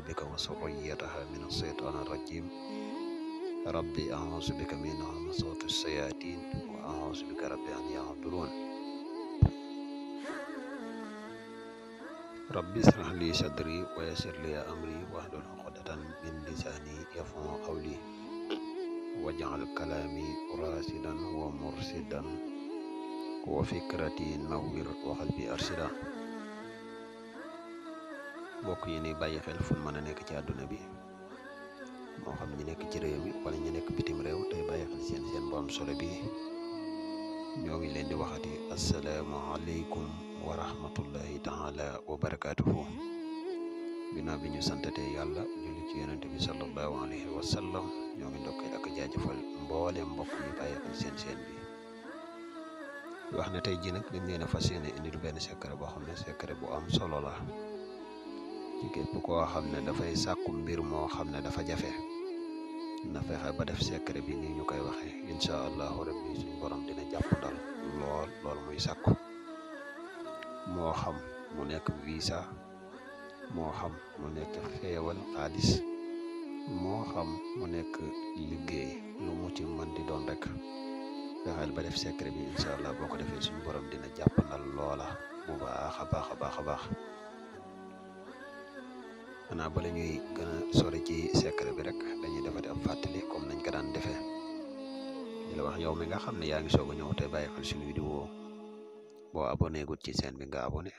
بك وسريتها من الشيطان الرجيم ربي أعوذ بك من همزات الشياطين وأعوذ بك ربي أن يحضرون ربي اشرح لي صدري ويسر لي أمري واحلل عقدة من لساني يفهم قولي واجعل كلامي راشدا ومرشدا وفكرتي نور وقلبي أرشدا mbokk yi ni bàyyi xel fu mën a nekk ci àdduna bi moo xam ñu nekk ci réew mi wala ñu nekk bitim réew tey bàyyi xel seen seen bu am solo bi ñoo ngi leen di waxati asalaamaaleykum wa rahmatullahi taala wa barakaatuhu ginnaaw bi ñu santatee yàlla ñu ci yonent bi sallallahu alayhi wa sallam ñoo ngi ndokkee ak jaajëfal mbooleem mbokk yi bàyyi xel seen seen bi wax ne tey ji nag dañ leen a fas yéene indil benn secret boo xam ne secret bu am solo la képp koo xam ne dafay sàkku mbir moo xam ne dafa jafe na fexe ba def secret bi ni ñu koy waxee incha allahu rabbi suñ borom dina jàpp dal lool lool muy sàkku moo xam mu nekk visa moo xam mu nekk xeewal xaalis moo xam mu nekk liggéey lu mu ci mën di doon rek fexeel ba def secret bi insha allah boo ko defee suñ borom dina jàpp ndal loola bu baax a baax a baax a baax xanaa bala ñuy gën a ci secret bi rek dañuy defati am fàttali comme nañ ko daan defee di wax yow mi nga xam ne yaa ngi soog a ñëw te bàyyi xel suñu vidéo boo abonné gut ci seen bi nga abonné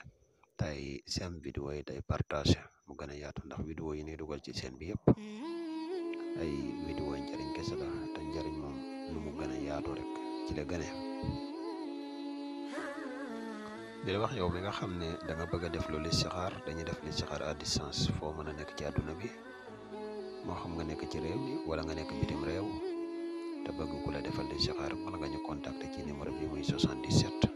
tey seen vidéo yi day partage mu gën a yaatu ndax vidéo yi ñuy dugal ci seen bi yëpp ay vidéo njëriñ kese la te njëriñ moom lu mu gën a yaatu rek ci la gën di la wax yow mi nga xam da nga bëgg a def lu listixaar dañuy def li listixaar à distance fo mëna nek ci aduna bi mo xam nga nek ci réew mi wala nga nek bitim réew te bëgg ku la defal li listixaar mën nga ñu contacter ci numéro bi muy 77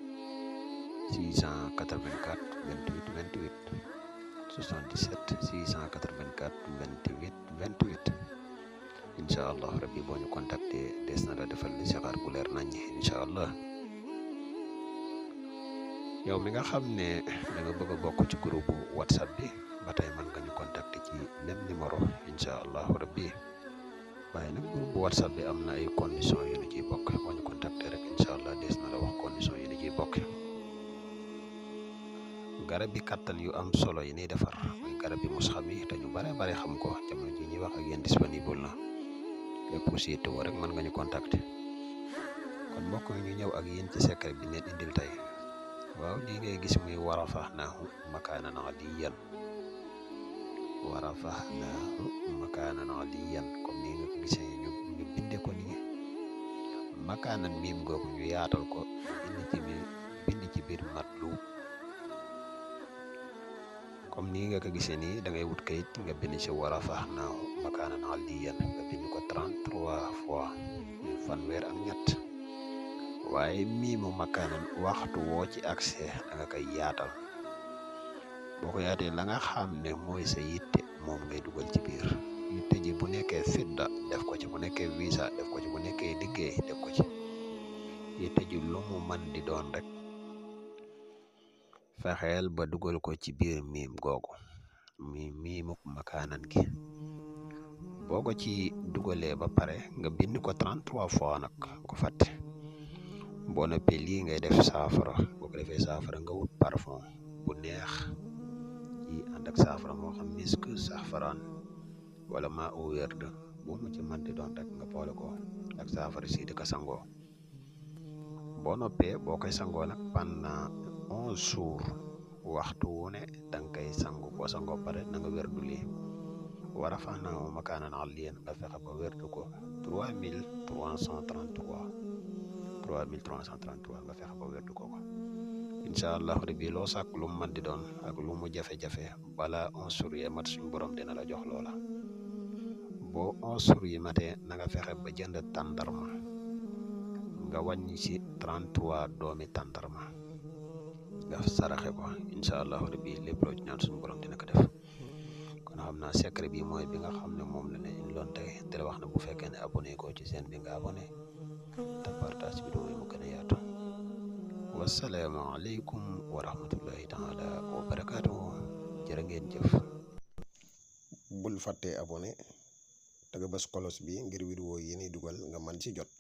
684 28 28 77 684 28 28 inshallah rabbi bo ñu contacté dess na la defal li listixaar bu leer nañ inshallah yow mi nga xamne da nga bëgg bokk ci groupe whatsapp bi batay man nga ñu contacter ci même numéro inshallah rabbi waaye nag groupe whatsapp bi amna ay conditions yu ñu ci bokk mo ñu contacter rek inshallah des na la wax conditions yu ñu ci bokk garab yi kattan yu am solo yi ni defar muy garab yi mos te ñu bare bare xam ko jamono ji ñi wax ak yeen disponible na lépp ku siy rek man nga ñu contacter kon mbokk yi ñu ñew ak yeen ci secret bi ne indil tay waaw li ngay gis muy warafaxnaahu makaanan aliyan warafaxnaahu makaanan aliyan comme ni nga ko gisee ñu ñu binde ko nii makaanan miim googu ñu yaatal ko bind ci mi bind ci biir matlu comme ni nga ko gisee nii da ngay wut kayit nga bind ci warafaxnaahu makaanan aliyan nga bind ko 33 fois fanweer ak ñett waye mimo makanan waxtu wo ci accès nga kay yaatal boko yaate la nga xamne moy sa yitte mom ngay duggal ci biir yitte ji bu nekké sidda def ko ci bu nekké visa def ko ci bu nekké liggé def ko ci yitte ji lu mu man di doon rek fexel ba duggal ko ci biir mim gogo mi mimuk makanan gi boko ci dugale ba pare nga bind ko 33 fois nak ko fatte boo noppee lii ngay def saafara boo ko defee saafara nga wut parfum bu neex yi ànd ak saafara moo xam misk saafraan wala maa u werd boo mu ci manti nga boole ko ak saafara si di ko sangoo boo noppee boo koy sangoo nag pendant onze jours waxtu wu ne da nga koy sangu boo sangoo pare na nga werdu lii war a fax na makaanan nga fexe ba werdu ko trois mille trois cent trente-trois 3333 nga fexe ba weddu ko ko allah rabbi loo sàkk lu mu di don, ak lu mu jafe-jafe bala on jours mat suñ borom dina la jox loola bo on jours yi matee na nga fexe ba jënd tàndarma nga wàññi ci 33 doomi tàndarma nga ko allah rabbi lépp loo ci ñaan suñ borom dina ko def kon xam naa secret bi binga bi nga xam ne moom la ne ñu loon tey te wax na bu abonné ko ci bi nga abonné ak partage vidéo yi mu gën a yaatu wasalaamaaleykum wa rahmatullahi taala wa barakaatu jërë ngeen jëf bul fàttee abonné te nga bës kolos bi ngir vidéo yi ni dugal nga man ci jot